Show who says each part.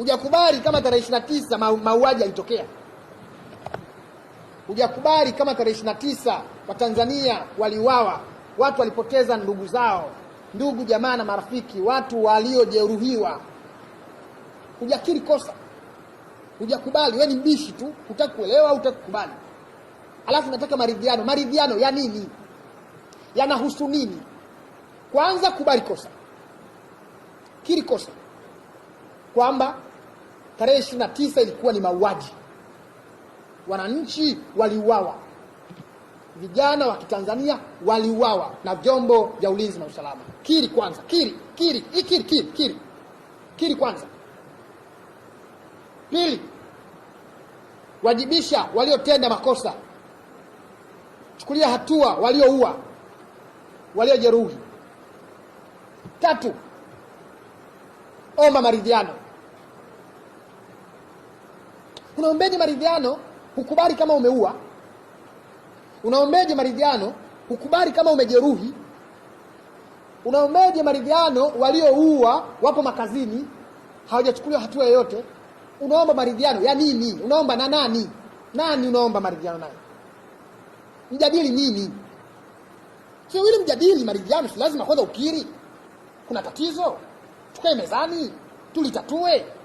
Speaker 1: Hujakubali kama tarehe 29 mauaji yalitokea. Hujakubali kama tarehe 29 Watanzania waliuawa, watu walipoteza ndugu zao, ndugu jamaa na marafiki, watu waliojeruhiwa. Hujakiri kosa, hujakubali. Wewe ni mbishi tu, hutaki kuelewa, hutaki kukubali. Alafu nataka maridhiano. Maridhiano ya nini? Yanahusu nini? Kwanza kubali kosa, kiri kosa kwamba tarehe ishirini na tisa ilikuwa ni mauaji, wananchi waliuawa, vijana wa Kitanzania waliuawa na vyombo vya ulinzi na usalama. Kiri kwanza, kiri kiri kiri kiri kiri kiri kwanza. Pili, wajibisha waliotenda makosa, chukulia hatua walioua, waliojeruhi. Tatu, omba maridhiano. Unaombeje maridhiano hukubali kama umeua? Unaombeje maridhiano hukubali kama umejeruhi? Unaombeje maridhiano walioua wapo makazini hawajachukuliwa hatua yoyote? Unaomba maridhiano ya nini? Unaomba na nani? Nani unaomba maridhiano naye? Mjadili nini? Sio ili mjadili maridhiano, si lazima kwanza ukiri kuna tatizo, tukae mezani tulitatue.